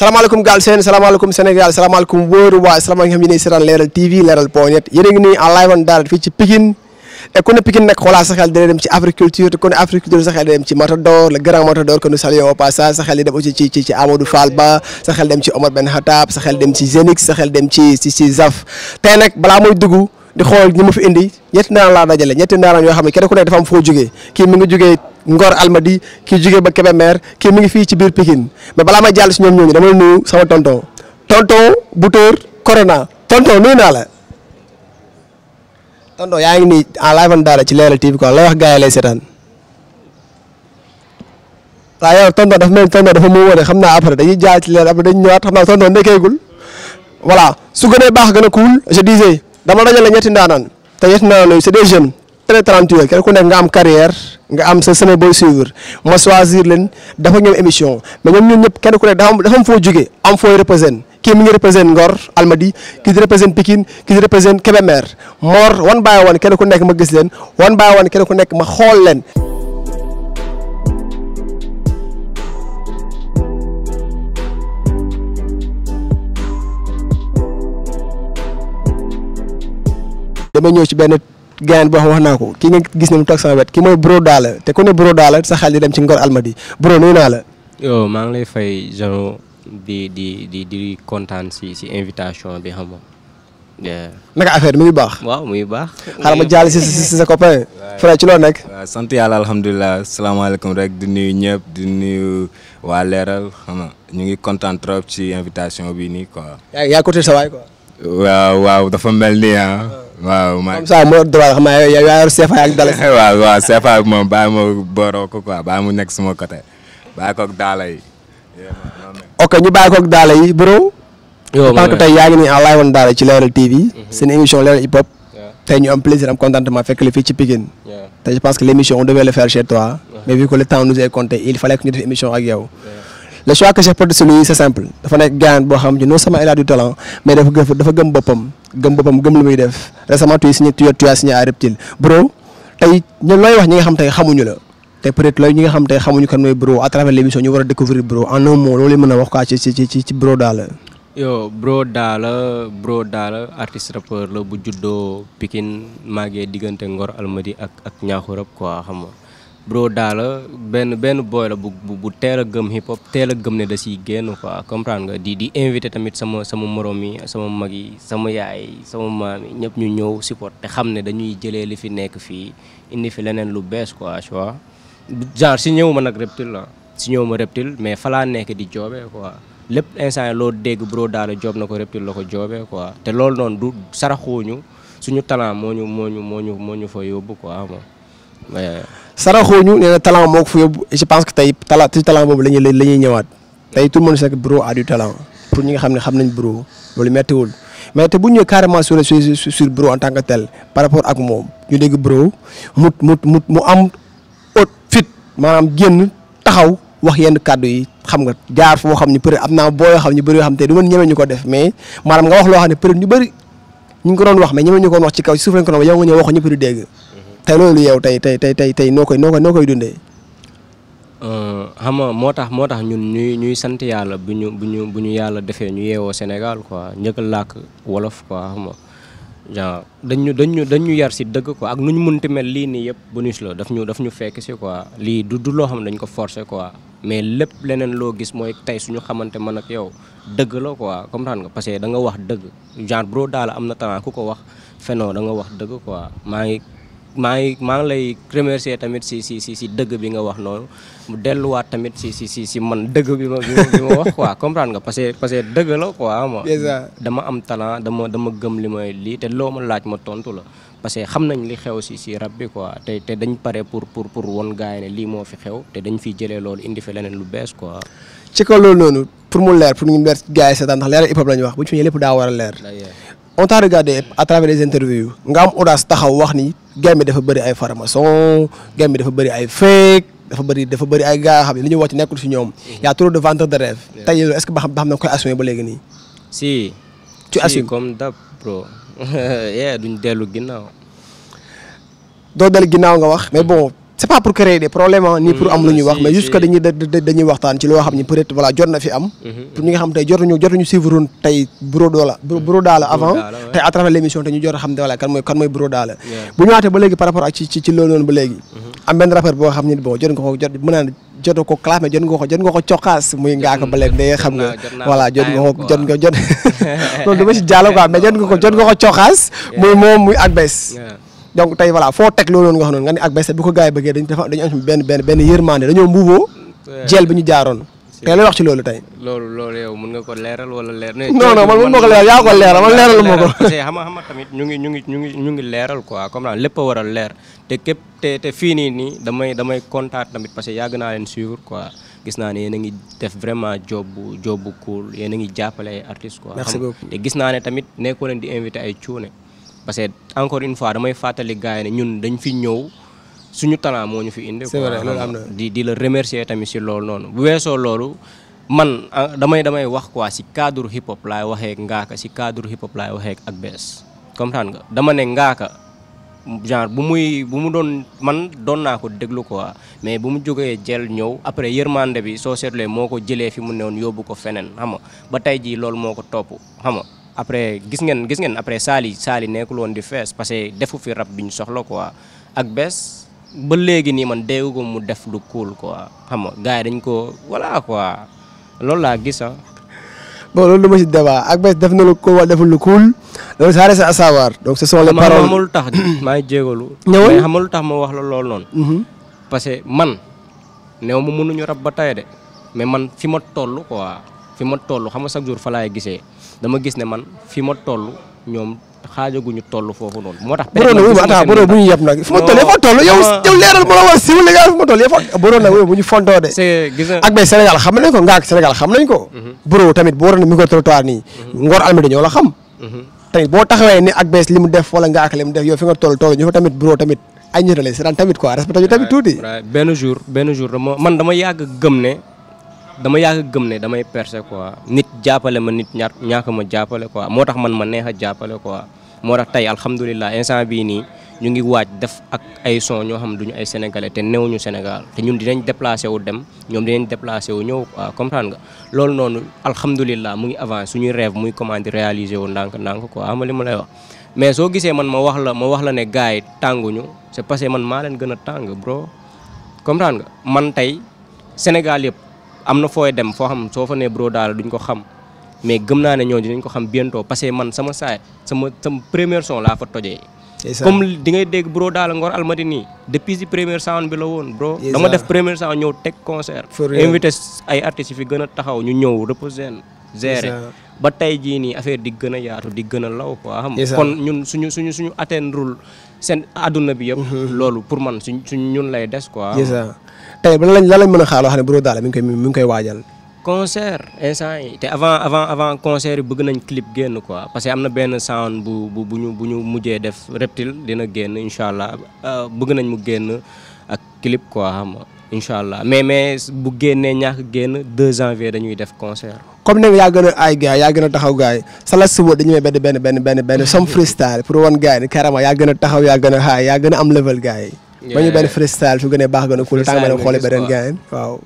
salaamaaleykum Galsen salaamaaleykum Sénégal salaamaaleykum wóoru waa salaamaaleykum xam yéen a seetaan leeral TV leeral point net yéen a ngi nuyu en live on direct fii ci Pikine et ku ne Pikine nag xoolaa sa xel dina dem ci agriculture te ku ne agriculture sa xel dina dem ci Matador le grand Matador que nous saluons au dem ci Amadou Fall Ba dem ci Omar Ben Khattab sa dem ci Zenix sa dem ci ci Zaf tey nag balaa muy dugg. di xool ñu ma fi indi ñetti ndaanaan laa dajale ñetti ndaanaan yoo xam ne kenn ku nekk dafa foo jógee kii mu ngi jógee Ngor Almadi kii jógee ba Kébémer kii mi ngi fii ci biir Pikine mais balaa may jàll si ñoom ñooñu dama la nuyu sama tonton tonton Boutour Corona tonton nuyu naa la. tonton yaa ngi nii en live and direct ci Leral TV quoi lay wax gars yi lay seetaan waaw yow tonton dafa mel tonton xam naa après dañuy jaay ci Leral après dañuy ñëwaat xam naa tonton nekkeegul voilà su gënee baax gën a cool je disais. dama dajale ñetti ndaanaan te ñetti ndaanaan yooyu c'est des jeunes très talentueux kenn ku nekk nga am carrière nga am sa semaine booy suivre ma choisir leen dafa ñoom émission mais ñoom ñun ñëpp kenn ku nekk dafa am dafa am foo jógee am fooy représenté kii mi ngi représenté Ngor Almadi kii di représenté Pikine kii di représenté Kébémer Mor wan bàyyi woon kenn ku nekk ma gis leen wan bàyyi woon ko nekk ma xool leen. dama ñëw ci benn gain boo xam wax naa ko ki nga gis ne mu toog sama wet ki mooy Bro Dollar te ku ne Bro Dollar sa xel di dem ci Ngor Almadi Bro nuyu naa la. yow maa ngi lay fay Jeannot di di di kontaan si si invitation bi affaire mi ngi baax. waaw muy baax. xaaral ma jàll si ci sant yàlla alhamdulilah salaamaaleykum rek di nuyu ñëpp di nuyu waa Leeral xam ngi kontaan trop invitation bi nii quoi. yaa yaa sa waay quoi. waaw waaw dafa mel ni ah. waaw man comme ça moo droit xam naa yow yaa yor CFA ak Dalas. waaw waaw CFA moom bàyyi ma booroo ko quoi bàyyi mu nekk suma côté bàyyi koog daala yi. ok ñu bàyyi koog daala yi bro. yow parce que tey yaa ngi nii en live woon daala ci Leral TV. Mm-hmm. seen émission Leral hip hop. tey ñu am plaisir am contentement fekk la fii ci Pikine. te je pense que l' émission on devait le faire chez toi. mais le temps nous est compté il fallait que ñu def émission ak yow. le choix que j'ai porté sur lui c'est simple dafa nekk gaañ boo xam ne non seulement a du talent mais dafa gëm dafa gëm boppam gëm boppam gëm lu muy def récemment tu signé tu as signé à Reptile bro looy wax ñi nga xam tey xamuñu la te peut être looy ñi nga xam tey xamuñu kan mooy bro à travers l'émission ñu war a découvrir bro en un mot loolu mën a wax quoi ci ci ci daal la. yo bro daala bro daala artiste rappeur la bu juddoo Pikine màggee diggante ngoro Almadi ak ak ñaaxu rap quoi xam nga bro daala benn benn booy la bu bu teel a gëm hip hop teel a gëm ne da si génn quoi comprendre nga di invité tamit sama sama morom yi sama mag yi sama yaay sama maam yi ñëpp ñu ñëw support te xam ne dañuy jëlee li fi nekk fii indi fi leneen lu bees quoi tu vois genre si ñëw ma nag reptile la si ñëw ma reptile mais falaa nekk di joobee quoi lépp instant yi loo dégg bro daal joob na ko reptile la ko joobee quoi te loolu noonu du saraxuñu suñu talent moo ñu moo ñu moo ñu moo ñu fa yóbbu quoi moom saraxooñu nee na talent moo ko fa yóbbu je pense que tey talent ci talent boobu la ñuy la ñuy ñëwaat tey tout le monde sait que talent pour ñi nga xam ne xam nañ Bro loolu méttiwul mais te bu ñu ñëwee carrément sur sur Bro en tant que tel par rapport ak moom ñu dégg Bro mu mu mu mu am haut fit maanaam génn taxaw wax yenn kàddu yi xam nga jaar foo xam ne peut-être am naa boo xam ne bëri xam te du mën ñeme ñu ko def mais maanaam nga wax loo xam ne peut ñu bëri ñu ngi wax te yow tey tey tey tey tey noo koy noo koy koy dundee. Euh, xam nga moo tax moo tax ñun ñuy ñuy sant yàlla bu ñu bu ñu bu ñu yàlla defee ñu yeewoo Sénégal quoi njëkk làkk wolof quoi xam nga dañ ñu dañ ñu dañ ñu yar si dëgg quoi ak nu ñu munti mel lii nii yëpp bonus la daf ñu daf ñu fekk si quoi lii du loo xam ne dañ ko forcer quoi mais lépp leneen loo gis mooy tey suñu xamante man ak yow dëgg la quoi comprendre nga parce que da nga wax dëgg genre bro daal am na talent ku ko wax fenoo danga wax dëgg quoi maa ngi maa ngi lay remercier tamit si si si si dëgg bi nga wax noonu mu delluwaat tamit si si si si man dëgg bi ma bi ma wax quoi comprendre nga parce que parce que dëgg la quoi ma dama am talent dama dama gëm li ma lii te loo ma laaj ma tontu la parce que xam nañ li xew si si rab bi quoi te te dañ pare pour pour pour won gaay yi ne lii moo fi xew te dañ fiy jëlee loolu indi fi leneen lu bees quoi ci kaw loolu noonu pour mu leer pour ñu leer gars yi seetaan ndax leeral hip hop la wax bu ñu fi ñëwee lépp daa war a leer on t'a regardé à travers les interviews nga am audace taxaw wax ni game dafa bëri ay farmason game bi dafa bëri ay fake dafa bëri dafa bëri ay gars xam ne li ñuy wàcc nekkul si ñoom. y a de vendeurs de rêve. tey est-ce que ba xam na koy assumer ba léegi nii. si. tu assumes duñ dellu ginnaaw. doo dellu ginnaaw nga wax mais bon. c'est pas pour créer des problèmes ni pour mm, am lu ñuy wax mais juste que dañuy waxtaan ci loo xam ne peut-être voilà jot na fi am mm-hmm. pour ñi xam tey jotuñu jotuñu suivre woon tey Bureau Dollar mm-hmm. Bureau Dollar avant tey à travers te ñu jot a xam ne voilà kan mooy Bureau Dollar bu ñu waatee ba léegi par rapport ak ci ci noonu ba léegi mm-hmm. am rapport boo xam ne bon jot nga ko jot mën naa jot nga ko jot muy ngaaka ba léegi day xam nga voilà jot nga ko jot donc tey voilà foo teg loolu noonu nga xam noonu nga ne ak baykat bu ko gars yi bëggee dañ dafa dañu am benn benn benn yërmande dañoo mbuuboo jeel bi ñu jaaroon tey loolu wax ci loolu tey loolu loolu yow nga ko leeral wala leer non non man mën ma ko leeral yaa ma tamit ñu ngi ñu ngi ñu ngi ñu ngi leeral quoi comme lépp a leer te képp te te fii nii nii damay damay contact tamit parce que yàgg naa leen suivre quoi gis naa ne yéen ngi def vraiment job bu job yéen a ngi jàppale ay ko quoi merci beaucoup te gis naa ne tamit nekkoo leen di invité ay cuune parce que encore une fois damay fàttali gars yi ne ñun dañ fi ñëw suñu talent moo ñu fi indi. c'est am na di di la remercier tamit si loolu noonu bu weesoo loolu. man ah, damay damay wax quoi si cadre hip hop laay waxee ngaaka si cadre hip hop laay waxee ak bees comprendre nga dama ne ngaaka genre bu muy bu mu doon man doon naa ko déglu quoi mais bu mu jógee jël ñëw après yërmande bi soo seetlee moo ko jëlee fi mu newoon yóbbu ko feneen xam ba tey jii loolu moo ko topp xam après gis ngeen gis ngeen après saali saali nekkul woon di fees parce que defu fi rab bi ñu soxla quoi ak bees ba léegi nii man déggu ko mu def lu cool quoi xam nga gars dañ ko voilà quoi loolu laa gis ah. bon lu cool wala deful lu cool loolu ça reste à savoir donc ce sont les paroles xamul tax maa ngi jégalu. ñëwal tax ma wax la loolu noonu. Mhm. parce que man néew ma mënuñu rab ba tey de mais man fi ma toll quoi fi ma toll xam chaque jour fa gisee. dama gis ne man fi ma toll ñoom ñu toll foofu noonu moo tax. borom na wuyu ma attends borom bu ñu yeb nag. fi ma toll yow leeral ma la war siiw li nga ma toll yow fa borom bu ñu fontoo de. c'est gis nga ak bay xam nañ ko ngaak Sénégal xam nañ ko. Mhm. borom tamit boo waroon mhm. la xam. Mhm. tamit boo taxawee ni ak li mu def wala ngaak li mu def yow fi nga toll toll ñu fa tamit borom tamit. tamit quoi tuuti. benn jour benn jour dama man dama yàgg gëm ne dama yàgg gëm ne damay percer quoi nit jàppale ma nit ñaar ñàkk ma jàppale quoi moo tax man ma neex a jàppale quoi moo tax tey alhamdulilah instant bii nii ñu ngi waaj def ak ay son ñoo xam duñu ay sénégalais te newuñu Sénégal te ñun dinañ déplacé wu dem ñoom dinañ déplacé wu ñëw quoi comprendre nga loolu noonu alhamdulilah mu ngi avancé suñuy rêve muy comment di réaliser wu ndànk-ndànk quoi xam li ma lay wax. mais soo gisee man ma wax la ma wax la ne gars yi ñu c'est parce que man maa leen gën a tàng bro comprendre nga man tey Sénégal yëpp. am na fooy dem foo xam soo fa nee Bro Dollar duñ ko xam mais gëm naa ne ñooñu dinañ ko xam bientôt parce que man sama saay sama sama première son laa fa tojee. comme di ngay dégg Bro Dollar Ngor Almadi nii depuis si première sound bi la woon bro dama def première sound ñëw teg concert invité ay artistes yi fi gën a taxaw ñu ñëw reposen gérer ba tey jii nii affaire di gën a yaatu di gën a law quoi xam kon ñun suñu suñu suñu atteindre seen adduna bi yëpp mm-hmm. loolu pour man suñ suñ ñun lay des quoi tey lan lañ lan lañ mën a xaar loo xam ne Bro ngi koy mi ngi koy waajal. concert instant yi te avant avant avant concert yi bëgg nañ clip génn quoi parce que am na benn sound bu bu bu ñu bu ñu mujjee def reptile dina génn incha allah euh, bëgg nañ mu génn ak clip quoi xam nga incha allah mais mais bu génnee ñàkk génn 2 janvier dañuy def concert. comme ne yaa gën a ay gars yaa gën a taxaw gars yi sala suba dañu may benn benn benn benn benn some freestyle pour wan gars yi ni carrément yaa gën a taxaw yaa gën a xaay yaa gën a am level gars yi. ba ñu benn freestyle su gën a baax gën a cool temps ma dem xooli beneen gain waaw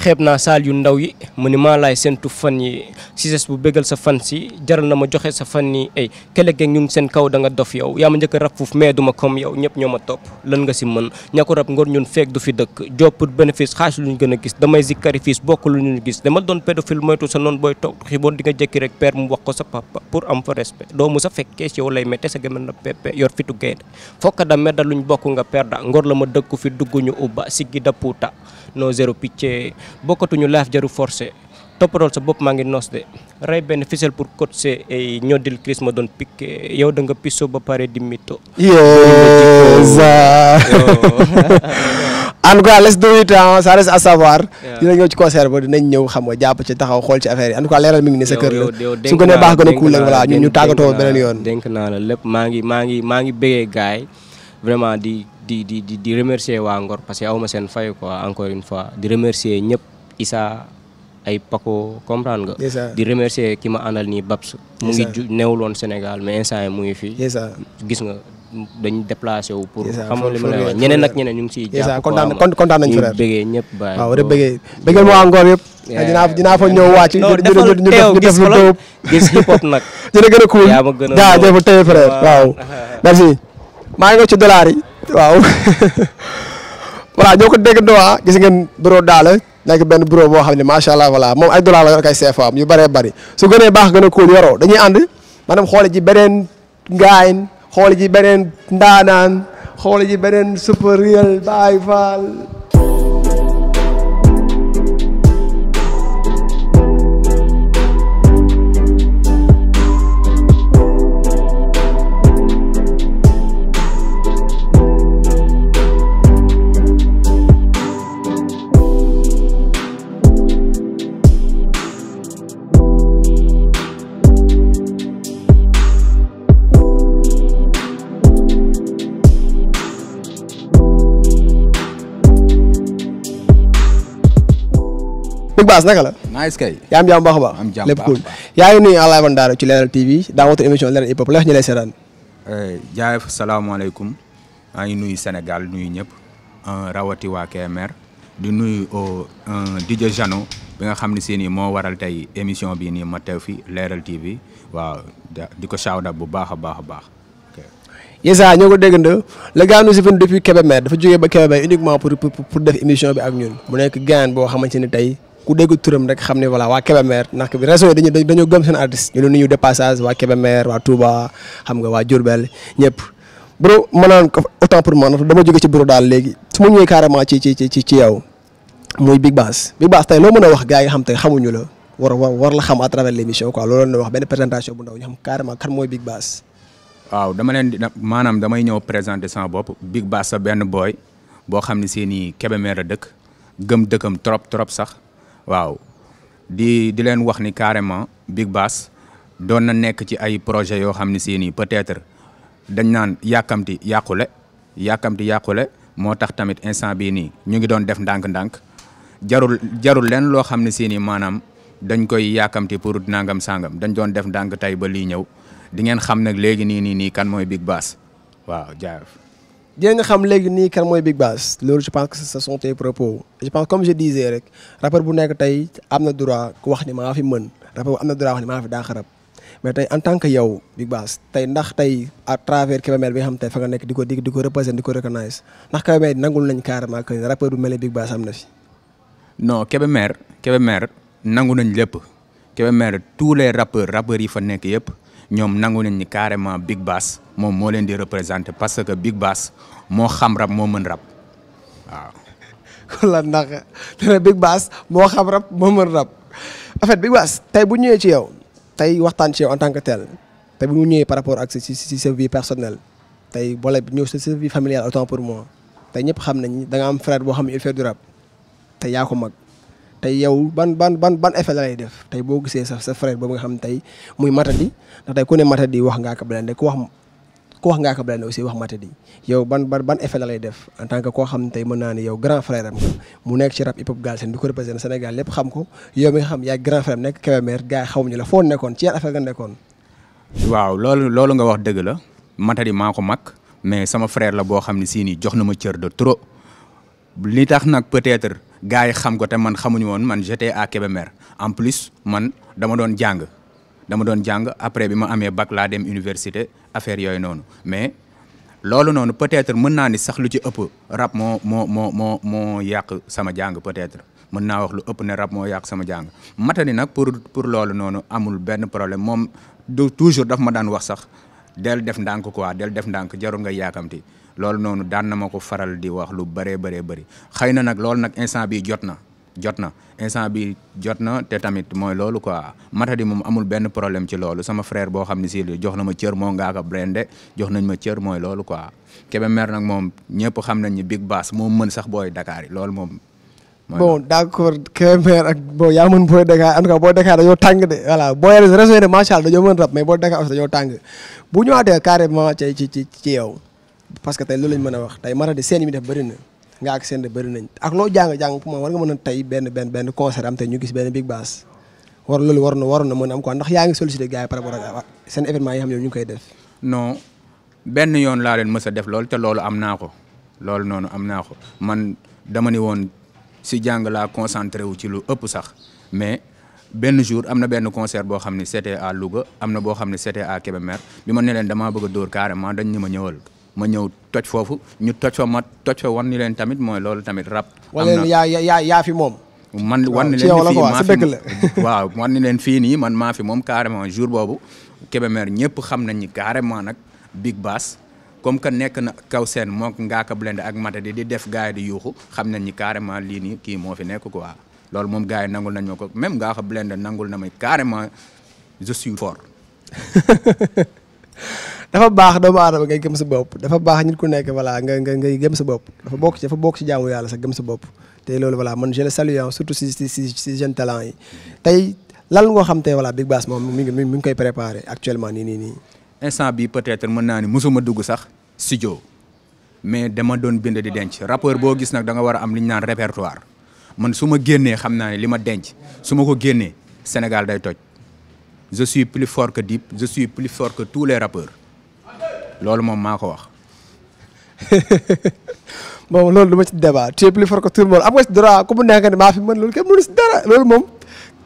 xeeb naa saal yu ndaw yi mu ni maa laay seentu fan yi Ciss bu bégal sa fan si jaral na ma joxe sa fan yi ay kele geeg ñu ngi seen kaw da nga dof yow yaa ma njëkk a rab fuuf mais duma comme yow ñëpp ñoo ma topp lan nga si mën ña ko rab ngor ñun feek fi dëkk job bénéfice xaalis lu ñu gën a gis damay zikarifice bokk lu ñu gis dama doon pédophile moytu sa noonu booy toog xiboon di nga jekki rek père mu wax ko sa papa pour am fa respect doo mu sa fekkee si yow lay mette sa gëmën na pepe yor fitu gaynde fokka da medda luñ bokk nga perda ngor la ma dëkku fi dugg ñu ubba siggi da puuta noo zéro picc bokkatuñu laaf jaru forcé toppatool sa bopp maa ngi noos de rey benn ficelle pour cotiser ñoddil Chris ma doon pique yow da nga piso ba pare di mito. yéeza en tout cas les deux temps ça reste à savoir. dina xam nga jàpp taxaw xool ci affaire yi en leeral mi ngi ne sa kër la su gënee baax gën a kuul la voilà ñun ñu tàggatoo beneen yoon. dénk naa la lépp maa ngi maa ngi maa ngi bëggee gaay vraiment di. di di di waa Ngor parce awma seen fay quoi encore une fois di remercier ñëpp Issa ay Paco comprendre nga. di remercier ki ma àndal nii Babs. mu ngi ju newul Sénégal mais mu ngi fii. gis nga dañ déplacé wu pour. xamal li ma ñu ngi siy. jàpp ko kontaan kontaan frère ñu bëggee ñëpp bàyyi. waaw rek bëggee ko la gis hip hop nag. gën a cool jaajëfal frère waaw maa ngi ci dollar yi waaw voilà ñoo ko déggandoo ah gis ngeen bureau daal nekk benn bureau boo xam ne macha allah voilà moom ay dollar la yor kay CFA am yu bëree bëri su gënee baax gën a kóol yoroo dañuy ànd maanaam xoole ji beneen ngaayin xoole ji beneen ndaanaan xoole ji beneen supérieur baay faal Big Bass naka la. nice kay. yaa a baax. am jàmm lépp cool yaa ngi nuyu eh, ngi nuyu Sénégal nuyu ñëpp euh, rawati waa nuyu euh, DJ Jano bi nga xam ni si nii moo waral tey émission bii nii ma teew fi Leral TV waaw di ko shawda bu baax a baax a baax. Yesa ñoo ko déggandoo le gars nous suivons depuis Kébémer dafa jógee ba Kébémer uniquement pour pour def émission bi ak ñun mu nekk gaan boo xamante ni tey. ku dégg turam rek xam ne voilà waa Kébémer ndax région yi dañu dañoo gëm seen artiste ñu lu nuyu de passage waa Kébémer waa Touba xam nga waa Diourbel ñëpp bro ma naan ko autant dama jóge ci bureau daal léegi su ma ñëwee carrément ci ci ci ci yow muy Big Bass Big tey loo mën a wax gaa yi nga xam te xamuñu la war war war la xam à travers l' émission quoi loolu la wax benn présentation bu ndaw ñu xam carrément kan mooy Big dama leen di maanaam damay ñëw présenter sama bopp Big Bass sa benn booy boo xam ne si nii Kébémer a dëkk gëm dëkkam trop trop sax. waaw di di leen wax ni carrément Big baas doon na nekk ci ay projet yoo xam ne si peut-être dañ naan yàkkamti yàqule yàkkamti yàqule moo tax tamit instant bii nii ñu ngi doon def ndànk-ndànk jarul jarul leen loo xam ne si nii maanaam dañ koy yàkkamti pour nangam sangam dañ doon def ndànk tey ba lii ñëw di ngeen xam nag léegi nii nii nii kan mooy Big baas waaw jaaraf dinañ xam léegi nii kan mooy bi Bass loolu je pense que ce sont tes propos je pense comme je disais rek rappeur bu nekk tey am na droit ku wax ni maa fi mën rappeur bu am na droit wax ni maa fi daa xarab mais tey en tant que yow Big Bass tey ndax tey à travers Kébémer bi nga xam tey fa nga nekk di ko di ko représenter di ko recognize ndax Kébémer nangul nañ carrément que rappeur bu mel ni Big Bass am na fi. non Kébémer Kébémer nangu nañ lépp Kébémer tous les rappeurs rappeurs yi fa nekk yëpp. ñoom nangu nañ ni carrément Big baas moom moo leen di représenté parce que Big baas moo xam rab moo mën rab a kon lan ndax dana Big Bass rab moo mën rab en fait Big Bass tey bu ñëwee ci yow tey waxtaan ci yow en tant que tel tey bu mu ñëwee par rapport ak si si sa vie personnelle tey boole ñëw si sa vie familiale autant pour moi tey ñëpp xam nañ danga am frère boo xam ne il fait du rap tey yaa ko mag. tey yow ban ban ban ban effet la lay def tey boo gisee sa sa frère boobu nga xam tey muy matadi ndax tey ku ne matadi wax ngaa ko Blindé ku wax ku wax ngaa ko Blindé aussi wax matadi yow ban ban ban effet la lay def en tant que koo xam tey mën naa ne yow grand frère am mu nekk ci rap hip hop Galsen bi ko représenté Sénégal lépp xam ko yow mi nga xam yaay grand frère am nekk Kébémer gars xawuñu la foo nekkoon ci yan affaire nga nekkoon. waaw loolu loolu nga wax dëgg la matadi maa ko mag mais sama frère la boo xam ne sii nii jox na ma cër de trop. li tax nag peut-être gars yi xam ko te man xamuñu woon man j'étais à Kébémer en plus man dama doon jàng dama doon jàng après bi ma amee bac laa dem université affaire yooyu noonu mais loolu noonu peut-être mën naa ni sax lu ci ëpp rab moo moo moo moo moo yàq sama jàng peut-être mën naa wax lu ëpp ne rap moo yàq sama jàng matani nag pour pour loolu noonu amul benn problème moom du toujours daf ma daan wax sax del def ndànk koi del def ndànk jarul nga yaakamti loolu noonu daan na ma ko faral di wax lu bëree bëree bëri xëy na nag loolu nag instant bi jot na jot na instant bi jot na te tamit mooy loolu quoi Matadi moom amul benn problème ci loolu sama frère boo xam ne si jox na ma cër moo ngaa ko blende jox nañ ma cër mooy loolu quoi Kébémer nag moom ñëpp xam nañ ni Big Bass moo mën sax booy Dakar loolu moom bon d' accord Kébémer ak bon yaa mën booy Dakar en tout cas booy de voilà booy réseau de macha allah mën rab mais boo Dakar aussi dañoo tàng bu ñëwaatee ci ci ci yow parce que tey loolu lañ mën a wax tey maradi seen yi mi def bëri na nga ak seen de bëri nañ ak loo jàng jàng ma war mën a tey benn benn benn concert ñu gis benn big bass war loolu war na waroon na mën a am ndax yaa ngi sollicité gars yi par rapport ak ah, seen événement yi ñu koy def non benn yoon laa leen mës a def loolu te loolu am naa ko loolu noonu am naa ko man dama ni woon si jàng laa concentré wu ci lu ëpp sax mais benn jour am na benn concert boo xam ne c'était à Louga am na boo xam ne c'était à Kébémer bi ma ne leen damaa bëgg a dóor carrément dañ ñu ma ñëwal ma ñëw toj foofu ñu toj fa ma toj fa wan ni leen tamit mooy loolu tamit rab. am na yaa yaa yaa fi moom. man wan ni leen fii maa waaw wan ni leen fii nii man maa fi moom carrément jour boobu Kébémer ñëpp xam nañ ni carrément nag Big Bass comme que nekk na kaw seen mook Ngaaka Blindé ak Matadi di def gars di yuuxu xam nañ ni carrément lii nii kii moo fi nekk quoi loolu moom gars yi nangul nañ ma ko même Ngaaka Blindé nangul na may carrément je suis dafa baax doomu aadama ngay gëm sa bopp dafa baax nit ku nekk voilà nga nga ngay gëm sa bopp dafa bokk ci dafa bokk ci jaamu yàlla sax gëm sa bopp te loolu voilà man je le salue surtout si si si yi tey lan nga xam te voilà Big Bass moom mi ngi mi ngi koy préparé actuellement nii nii nii instant bi peut-être mën naa ni mosuma dugg sax studio mais dama doon bind di denc rappeur boo gis nag da nga war a am li ñu naan répertoire man su ma génnee xam naa ne li ma denc su ma ko génnee Sénégal day toj je suis plus fort que Dip je les rappeurs loolu moom maa ko wax. moom loolu lu ma ci débat tu es plus fort que am nga si droit ku nekk ni maa fi mën loolu kenn mënu si dara loolu moom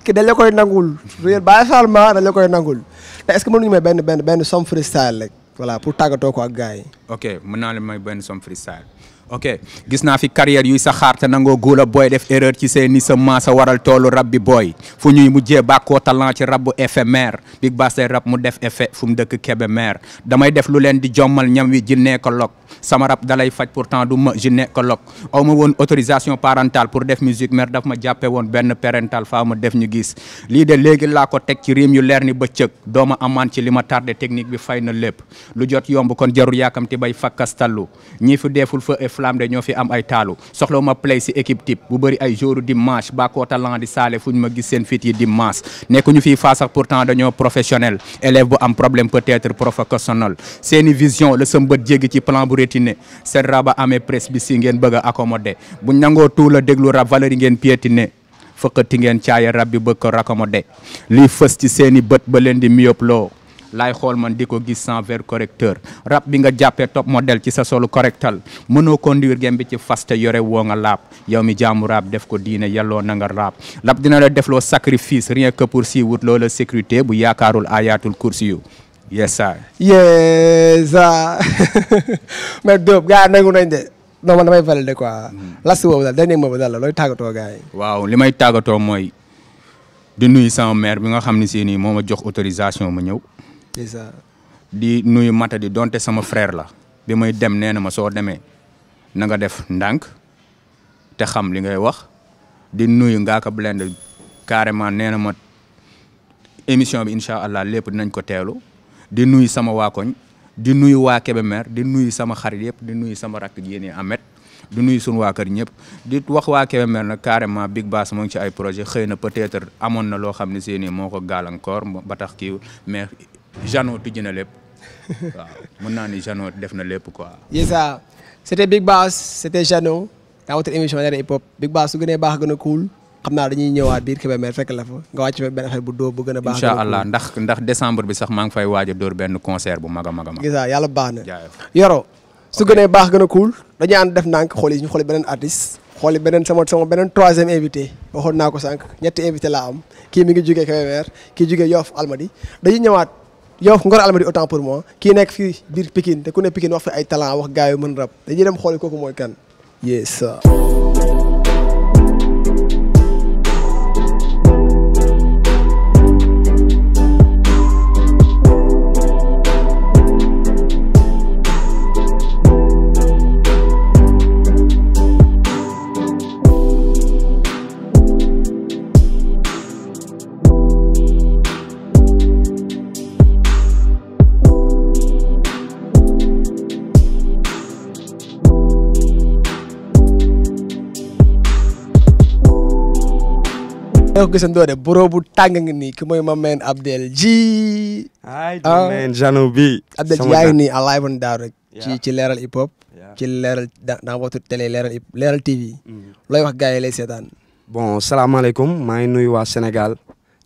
ki dañ la koy nangul yéen bàyyi faal ma dañ koy nangul te est ce que mënuñu may benn benn benn somme freestyle rek voilà pour tàggatoo ko ak gars yi. ok mën naa la may benn some somme freestyle. ok gis naa fi carrière yuy sa xaar te nangoo góola booy def erreur ci seeni semence sa waral toolu rab bi booy fu ñuy mujjee bàkkoo talent ci rabu éphémère big bass rab mu def effet fu mu dëkk Kébémer damay def lu leen di jommal ñam wi gynécologue sama rab dalay faj pourtant du ma gynécologue aw ma woon autorisation parentale pour def musique mère daf ma jàppe woon benn parental faa ma def ñu gis lii de léegi laa ko teg ci riim yu leer ni ba bëccëg dooma amaan ci li ma tardé technique bi fay na lépp lu jot yomb kon jarul yaakamti bay fakkastallu flamme de ñoo fi am ay taalu soxla ma play si équipe type bu bëri ay jouru dimanche bakoo talent di saale fu ñu ma gis seen fit yi dimanche nekk ñu fii faa sax pourtant ñoo professionnel élève bu am problème peut-être professionnel seeni vision la sa mbët jéggi ci plan bu rétiné seen raba amee presse bi si ngeen bëgg a accommoder buñ nangoo tout la déglu rab valeur yi ngeen piétiner fëkkati ngeen caaya rab bi bëgg ko raccommoder lii fës seeni bët ba leen di myoploo laay xool man di ko gis sans verre correcteur rab bi nga jàppee top modèle ci sa solu correctal mënoo conduire gem bi ci faste yore woo nga laab yow mi jaamu raab def ko diine yàlloo na nga raab lab dina la defloo sacrifice rien que pour si wut loola sécurité bu yaakaarul ayatul kursi yu yesa yesa mais Diop gars nangu nañ de non man damay valider quoi hmm. las boobu daal dernier boobu daal looy tàggatoo gars waaw li may tàggatoo mooy di nuyu sama maire bi nga xam ne si nii moo ma jox autorisation ma ñëw di nuyu Matadi donte sama frère la bi may dem nee na ma soo demee na nga def ndànk te xam li ngay wax di nuyu Ngaaka Blindé carrément nee na ma émission bi incha allah lépp dinañ ko teelu di nuyu sama waa di nuyu waa Kébémer di nuyu sama xarit yëpp di nuyu sama rakk yéen Amet di nuyu suñu waa kër ñëpp di wax waa Kébémer nag carrément Big Bass mu ngi ci ay projet xëy na peut-être amoon na loo xam ne seeni moo ko gàllankoor ba tax kii mais Jano tijji na lépp waaw mën naa ni Jano def na lépp quoi. yes ça c' était Big Bass c' était Jano dans votre émission Nene gënee baax a cool xam naa dañuy ñëwaat biir Kébémer fekk la nga wàcc fa benn affaire bu dóor bu gën a. baax incha allah ndax ndax décembre bi sax maa ngi fay waaj a dóor benn concert bu mag a mag a mag. yàlla baax na Yoro su baax gën a cool dañuy def ndànk xool yi ñu xooli beneen artiste. xooli beneen sama sama beneen troisième invité waxoon naa ko sànq ñetti invité laa am kii mi ngi jugee Kébémer kii jugee Yoff Almadi dañuy ñëwaat yow Ngor Almadi autant pour moi kii nekk fii biir Pikine te ku ne Pikine wax fi ay talent wax gars yu mën rap dañuy dem xooli kooku mooy kan yes gisandoo de boroo bu tàng nga nii ki mooy ma meen Abdel ji. ay ah. ma meen Jano bi. Abdel ji yaa ci leeral hip hop. ci leeral dans votre télé leeral leeral TV. Mm. looy wax gars yi lay seetaan. bon salaamaaleykum maa ngi nuyu waa senegal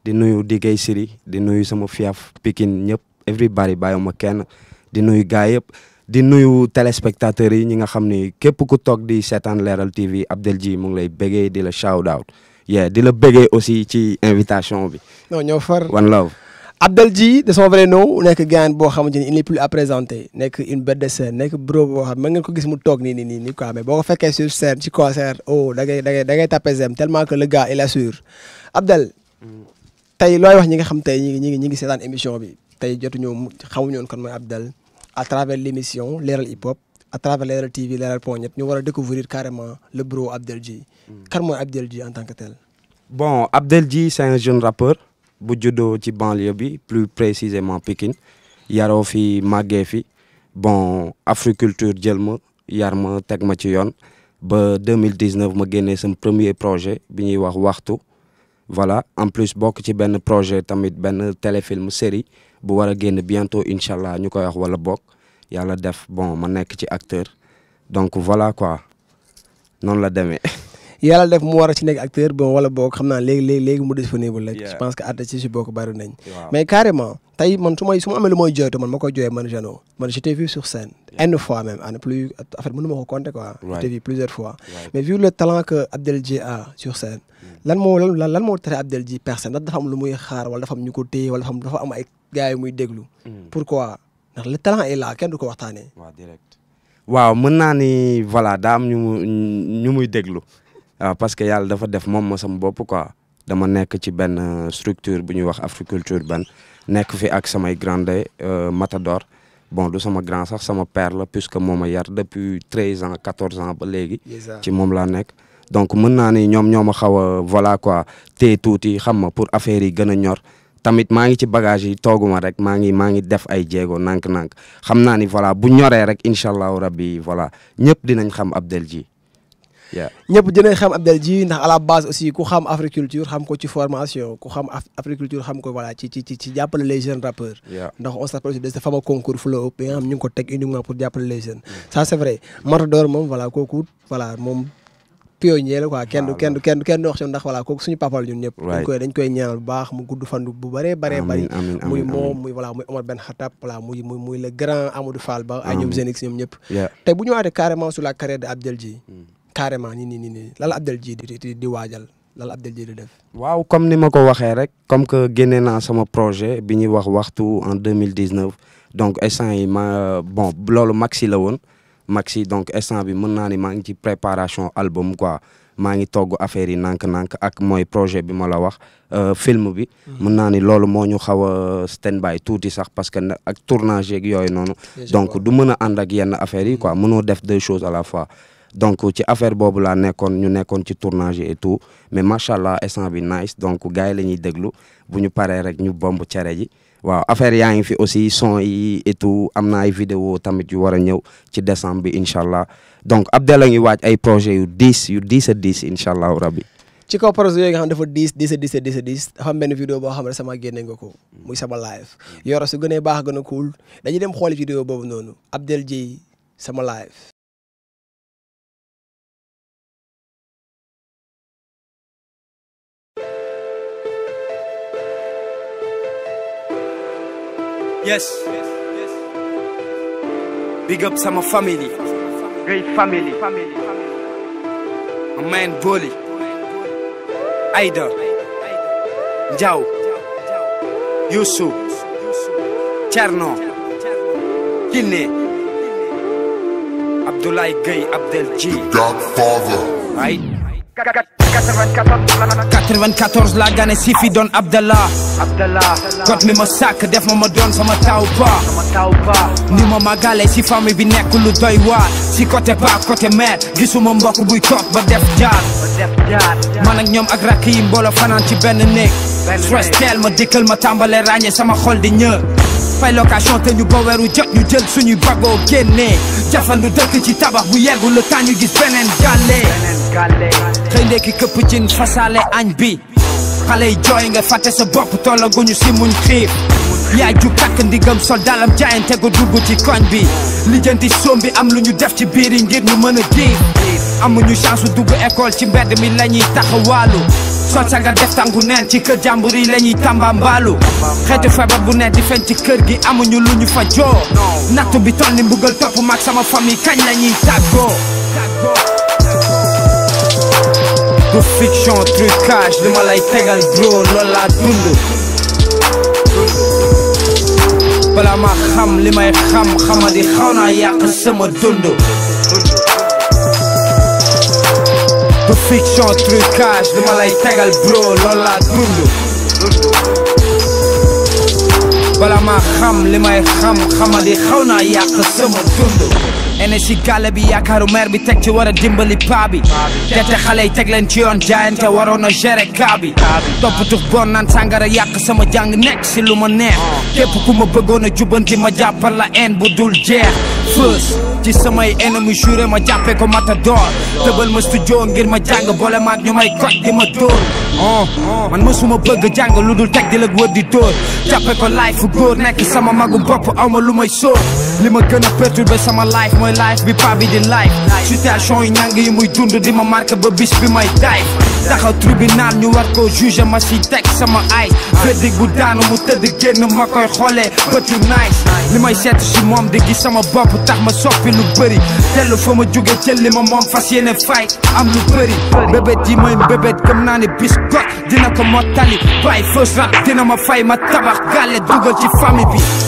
di nuyu Digay Siri di nuyu sama fiaf Pikine ñëpp everybody bàyyiwuma kenn di nuyu gars yëpp. di nuyu téléspectateurs yi ñi nga xam ni képp ku toog di seetaan leeral TV Abdel ji mu ngi lay bégee di la shout out. yeah di la bëggee aussi ci invitation bi. non ñoo far one love. Abdel G de son vrai nom nekk gaan boo xamante ni il n'est plus à nekk une bête de scène nekk bro boo xam mën ngeen ko gis mu toog nii nii nii quoi mais boo ko fekkee sur scène ci concert oh da ngay da ngay da ngay tapé zem tellement la le gars il assure Abdel. tey looy wax ñi nga xam tey ñi ngi ñi ngi ñi ngi seetaan émission bi tey jotuñu xamuñu woon kon mooy Abdel à travers l' émission Leral Hip Hop. à travers Leral TV Leral point net ñu war a découvrir carrément le bureau Abdel Dji. Hmm. kan mooy Abdel Dji en tant que tel. bon Abdel Dji c'est un jeune rappeur bu juddoo ci banlieue bi plus précisément pikin yaroo fi màggee fi bon Africulture jël ma yar ma teg ma ci yoon ba 2019 ma génnee sama premier projet bi ñuy wax waxtu voilà en plus bokk ci benn projet tamit benn téléfilm série bu war a génn bientôt incha allah ñu koy wax wala bokk. yàlla def bon ma nekk ci acteur donc voilà quoi noonu la demee. yàlla def mu war a ci nekk acteur bon wala boog xam naa léegi léegi léegi mu disponible la je pense que ci si bokk bari nañ mais carrément tey man su may su ma amee lu mooy jooytu man ma koy jooyee man Jeannot man je t'ai vu sur scène une fois même en plus en fait mënu ma ko compter quoi je t'ai vu plusieurs fois mais vu le talent que Abdeldji a sur scène mm. lan moo lan lan moo tere Abdeldji personne ndax dafa am lu muy xaar wala dafa am ñu ko téye wala dafa am dafa am déglu mm. ndax le talent est là kenn du ko waxtaanee. waaw direct waaw mën naa ni voilà daa ñu mu ñu muy déglu parce que yàlla dafa def moom ma sama bopp quoi dama nekk ci benn euh, structure bu ñuy wax africulture ban nekk fi ak samay grande euh, matador bon du sama grand sax sama père la que moom a yar depuis treize ans quatorze ans ba léegi. ci moom laa nekk. donc mën naa ni ñoom ñoo ma xaw a voilà quoi téye tuuti xam ma pour affaire yi gën a ñor. tamit maa ngi ci bagage yi tooguma rek maa ngi maa ngi def ay jéego nànk-nànk xam naa ni voilà bu ñoree rek incha allahu rabbi voilà ñëpp dinañ xam Abdel Dji waaw ñëpp dinañ xam Abdel Dji ndax à la base aussi ku xam agriculture xam ko ci formation ku xam agriculture xam ko voilà ci ci ci jàppale les jeunes rappeurs. ndax on s'appelle aussi de ce fameux concours flow xam ñu ko teg uniquement pour jàppale le jeunes. Mm. ça c'est vrai Matador moom voilà kooku voilà moom. pionnier la quoi kenn kenn du kenn kenn du wax ci ndax voilà kooku suñu papal ñun ñëpp dañ koy dañ koy baax mu gudd fandu bu bëree bëree bëri muy moom muy voilà muy Omar Ben muy muy muy le grand ba ay ñoom Zenix ñëpp tey bu ñu waatee carrément sur la carrière de Abdel Dji hmm. carrément ni ni ni nii lala Abdel Dji di di waajal lala Abdel Dji di def waaw comme ni ma ko waxee rek comme que génnee naa sama projet bi ñu wax waxtu en 2019 donc instant yi ma bon loolu maxi la woon maxi donc instant bi mën naa ni maa ngi ci préparation album quoi maa ngi togg affaire yi nànk-nànk ak mooy projet bi ma la wax euh, film bi. Hmm. mën naa ni loolu moo ñu xaw a stand by tuuti sax parce que ak tournage yeeg yooyu noonu. donc du mën a ànd ak yenn affaires yi quoi hmm. mënoo def deux choses à la fois. donc ci affaire boobu laa nekkoon ñu nekkoon ci tournage et tout mais macha allah instant bi nice donc gars yi la ñuy déglu bu ñu paree rek ñu bomb cere ji. waaw affaire yaa ngi fi aussi son yi et am na ay vidéo tamit yu war a ñëw ci décembre bi incha allah donc Abdel a ngi waaj ay projet yu diis yu diis a diis incha allahu rabbi ci kaw projet yooyu nga xam dafa diis diis a diis a diis a diis dafa am benn vidéo boo xam ne sama génne nga ko muy sama live yoro su a baax gën a cool dañuy dem xooli vidéo boobu noonu Abdel Dieye sama live yes big up sama family great family my man Njaw Youssou Cerno Kiné Abdoulaye Gueye Abdel G. The Godfather. Right? 94 la gane si fi doon Abdallah kot mi ma sàkk def ma ma doon sama taw ba ni ma magale si famille bi nekk lu doy waar si côté ba côté mère gisuma mbokk buy toog ba def jaar ma ak ñoom ag rakk yi mbooloo fanaan ci benn néeg stress teel ma dikkal ma tàmbale ràññee sama xol di ñëw fay location te ñu ba weeru jot ñu jël suñuy bagoo génnee jafandu dëkk ci tabax bu yeggu le temps ñu gis beneen gàllee sa ndékki këpp cin fasaale añ bi xale yi jooy nga fàtte sa bopp tollaguñu si muñ xiif yaay ju takk ndigam sol dalam jaayante gu dugg ci koñ bi lijjanti soom bi am lu ñu def ci biir yi ngir ñu mën a giif amuñu chance su dugg école ci mbedd mi la ñuy taxawaalu sol sa nga def tàngu neen ci kër jàmbur yi la ñuy tàmbambaalu xeetu feebar bu ne di feeñ ci kër gi amuñu lu ñu fa joo nattu bi toll ni mbugal topp mag sama famille kañ la ñuy tàggoo du fiction trucage li ma lay tegal bro loolu laa dund bala ma xam li may xam xamadi xaw naa yàq sama dund du fiction trucage li ma lay tegal bro loolu laa dund bala ma xam li may xam xamadi xaw naa yàq sama dund ne si gàlle bi yaakaaru maire bi teg ci war a dimbali paa bi te xale yi teg leen ci yoon jaayante waroon a gérer kaa bi toppatux bon naan sàngara yàq sama jàng nekk si lu ma neex képp ku ma bëggoon a jubanti ma jàppal la haine bu dul jeex fës ci samay ennemi juré ma jàppee ko matador tëbal ma studio ngir ma jàng boole ma ñu may koj di ma dóor oh man mësuma bëgg jàng lu dul teg di la wër di dóor jàppee ko life góor nekk sama magu bopp aw ma lu may life bi pa bi di life situation yi ñàng yi muy dund di ma marqué ba bis bi may dive taxaw tribunal ñu war ko juge ma si teg sama ay verdict bu daanu mu tëdd génn ma koy xoolee bët yu nice li may seet moom di sama bopp tax ma soppi lu bëri tellu ma jóge jël ma moom fas yéene fight am lu bëri bébét yi may bébét gëm naa ne bis got dina ko mottali bàyyi first rap dina ma fay ma tabax gàlle dugal ci famille bi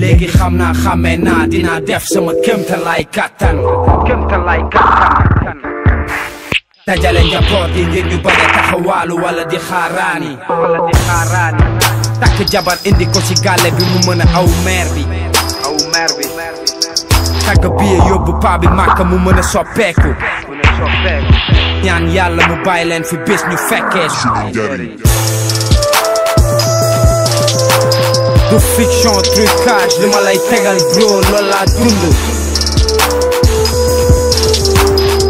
léegi xam naa xàmmee naa dinaa def sama kéemtalaay kàttan kéemtalaay dajale njaboot yi ngir ñu bañ taxawaalu wala di xaaraani takk jabar indi ko ci gàlle bi mu mën a aw meer bi aw meer yóbbu paa bi màkk mu mën a soppeeku ñaan yàlla mu bàyyi leen fi bis ñu fekkee du fiction trucage li ma lay tegal bro loolu laa dund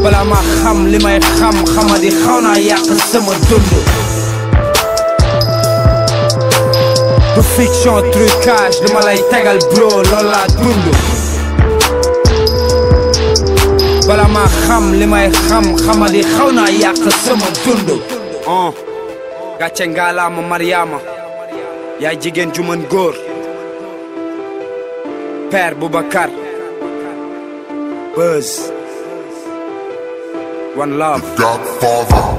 bala ma xam li may xam xamadi xaw naa yàq sama dund du fiction lay tegal bro loolu laa ma xam xaw naa yàq yaay jigéen ju mën góor père Boubacar Buzz One Love Godfather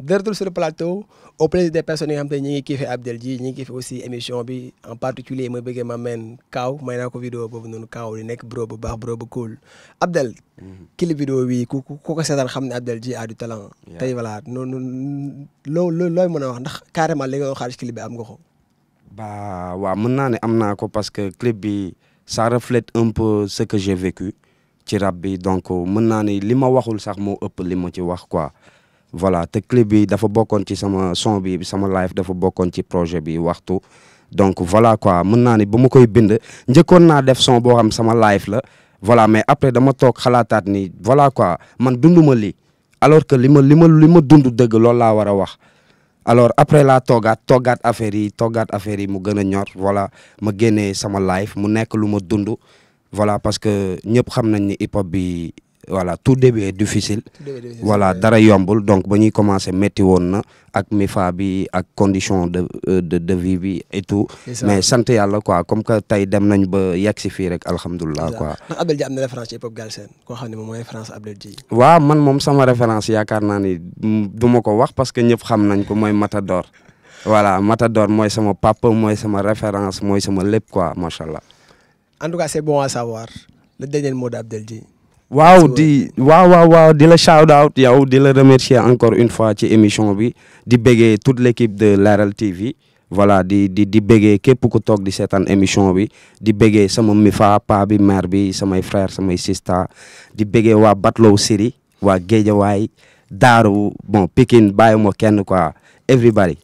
de retour sur le plateau au plaisir des yi nga xam te ñu ngi kiife Abdel ji ñu ngi kiife aussi émission bi en particulier ma bëggee ma meen Kaaw may naa ko vidéo boobu noonu Kaaw di nekk bro bu baax bro bu cool Abdel. Mhm. clip vidéo bi ku ku ko seetaan xam ne Abdel ji a du talent. tey voilà noonu loo loo looy mën a wax ndax carrément li nga doon xaar bi am nga ko. ba waaw mën naa ne am naa ko parce que clip bi ça reflète un peu ce que j'ai vécu ci rab bi donc mën naa ne li ma waxul sax moo ëpp li ma ci wax quoi. voilà te clip bi dafa bokkoon ci sama son bi sama live dafa bokkoon ci projet bi waxtu donc voilà quoi mën naa ni ba ma koy bind njëkkoon naa def son boo xam sama live la voilà mais après dama toog xalaataat ni voilà quoi man dunduma lii alors que li ma li ma li ma dund dëgg loolu laa war a wax alors après laa toogaat toogaat affaire yi toogaat affaire yi mu gën a ñor voilà ma génnee sama live mu nekk lu ma dund voilà parce que ñëpp xam nañ ni hip bi voilà tout début est difficile. voilà dara yombul donc ba ñuy commencé métti woon na ak mifa bi ak condition de euh, de de vie bi et tout. mais sant yàlla quoi comme que tey dem nañ ba yegg si fii rek alhamdulilah quoi. ndax Abdel Dia am koo xam ne moom mooy référence Abdel Dia. waaw man moom sama référence yaakaar naa ni du ma ko wax parce que ñëpp xam nañ ko mooy Matador. voilà Matador mooy sama papa mooy sama référence mooy sama lép quoi macha allah. waaw di waaw waaw waaw di la shout out yow di la remercier encore une fois ci émission bi di béggee toute l' équipe de Leral TV voilà di di di béggee képp ku toog di seetaan émission bi di béggee sama mi fa pa bi mère bi samay frère samay sista di béggee waa Batlow Siri waa Géejawaay daaru bon Pikine bàyyi ma kenn quoi everybody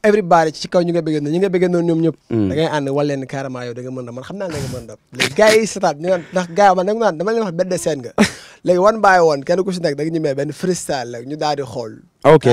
everybody ci kaw ñu nga bëggee noonu ñu nga bëggee noonu ñoom ñëpp mm. da ngay ànd wal leen carrément yow da nga mën a man xam naa ne da a léegi gars yi sataat ñu naan ndax gars yi man naan dama leen wax benn seen nga léegi one by one kenn ku si nekk da nga ñemee benn freestyle la ñu daal di xool ok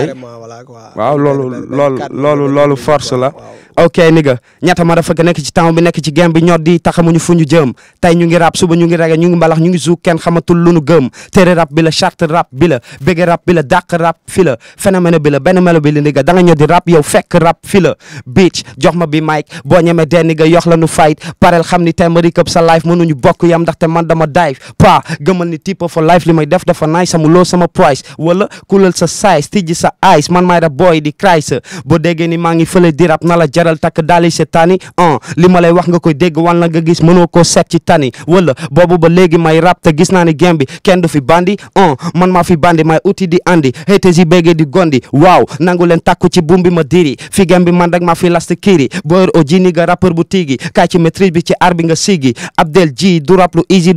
waaw loolu loolu loolu loolu force la ok ni nga ñetta ma dafa nekk ci temps bi nekk ci game bi ñor di taxamuñu fu ñu jëm tey ñu ngi rap suba ñu ngi rege ñu ngi mbalax ñu ngi zuug kenn xamatul lu nu gëm téere rap bi la charte rap bi la bégge rap bi la dàq rap fi la phénomène bi la benn melo bi la ni nga da di rap yow fekk rab fi la beach jox ma bi mic boo ñemee dee ni nga yox la nu fight parel xam ni tey ma rikëb sa life ñu bokk yam ndaxte man dama dive pa gëmal ni type for life li may def dafa nice sama sama price wala kulal sa size tijji sa ice man maay da booy di cry sa boo déggee ni maa ngi fële di rap na la jaral takk daali setaani an li ma lay wax nga koy dégg wan la nga gis mënoo koo seet ci tani wala boobu ba léegi may rap te gis naa ni game bi kenn du fi bandi man maa fi bandi may uti di andi haters yi béggee di gondi waaw nangu leen takku ci buum bi ma diri fi game bi man rek maa fi last kiiri boyer o jini nga rappeur bu tiigi kaay ci maîtrise bi ci ar bi nga sigi Abdel ji du rap lu easy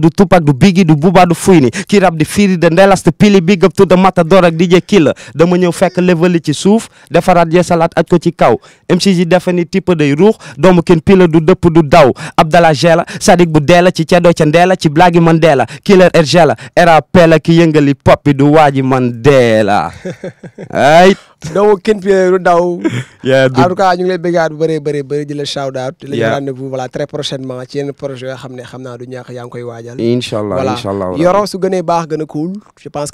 ma ñëw fekk level ci suuf defaraat yeesalaat aj ko ci kaw MC ji defe ni type day ruux doomu kenn pila du dëpp du daw Abdallah Gela Sadik bu dee la ci ceddoo ca ndee la ci blaagi man dee la killer er Gela rap la ki yëngali pop bi du waaji man dee la ay doomu kenn pila du daw en tout cas ñu ngi lay bëggaat bu bëree bëri bëri di la shout out di la rendez-vous voilà très prochainement ci yenn projet yoo xam ne xam naa du ñàkk yaa ngi koy waajal incha allah incha allah voilà baax gën a cool je pense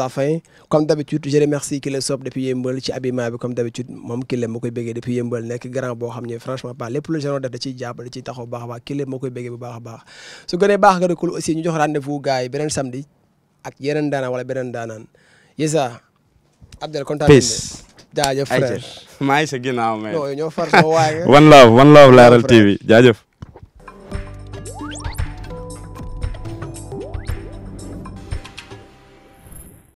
sa merci Kile Sob depuis yëmbal ci habillement bi comme d'habitude moom Kile moo koy depuis yëmbal nekk grand boo xam ne franchement pas lépp lu genre def da ciy jàpp da baax a baax Kile moo koy baax baax su gënee baax nga rekul aussi ñu jox rendez-vous gars yi beneen samedi ak yeneen daanaan wala beneen daanaan yesa Abdel kontaan peace jaajëf frère maa ngi sa ginnaaw mais non ñoo far sama waay one love one love Leral TV